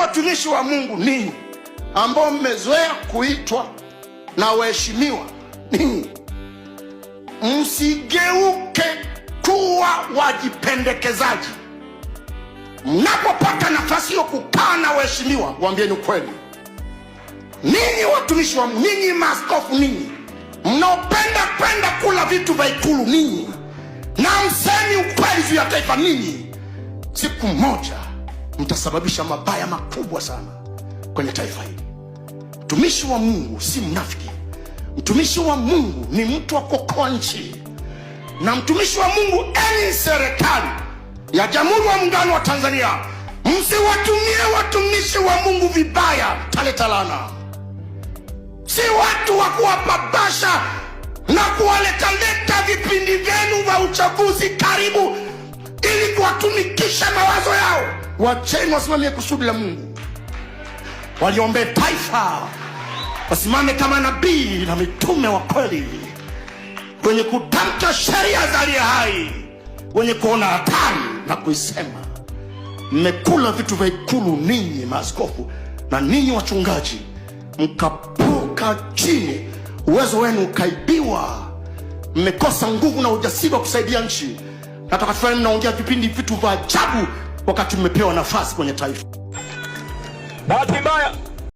watumishi wa Mungu ninyi ambao mmezoea kuitwa na waheshimiwa ninyi, msigeuke kuwa wajipendekezaji. Mnapopata nafasi ya kukaa na waheshimiwa, waambieni kweli Ninyi watumishi wa Mungu, ninyi maaskofu, ninyi mnaopenda kwenda kula vitu vya Ikulu, ninyi na msemi ukweli juu ya taifa, ninyi siku moja mtasababisha mabaya makubwa sana kwenye taifa hili. Mtumishi wa Mungu si mnafiki. Mtumishi wa Mungu ni mtu wa kuokoa nchi, na mtumishi wa Mungu, eni serikali ya Jamhuri wa Muungano wa Tanzania, msiwatumie watumishi wa Mungu vibaya, taleta laana. Si watu wa kuwapapasha na kuwaletaleta vipindi vyenu vya uchaguzi karibu, ili kuwatumikisha Wacheni wasimamie kusudi la Mungu, waliombee taifa, wasimame kama nabii na mitume wa kweli, wenye kutamka sheria za aliye hai, wenye kuona hatari na kuisema. Mmekula vitu vya ikulu, ninyi maaskofu na ninyi wachungaji, mkapuka chini, uwezo wenu ukaibiwa. Mmekosa nguvu na ujasiri wa kusaidia nchi. Nataka tufanye, mnaongea vipindi vitu vya ajabu wakati mmepewa nafasi kwenye taifa. Bahati mbaya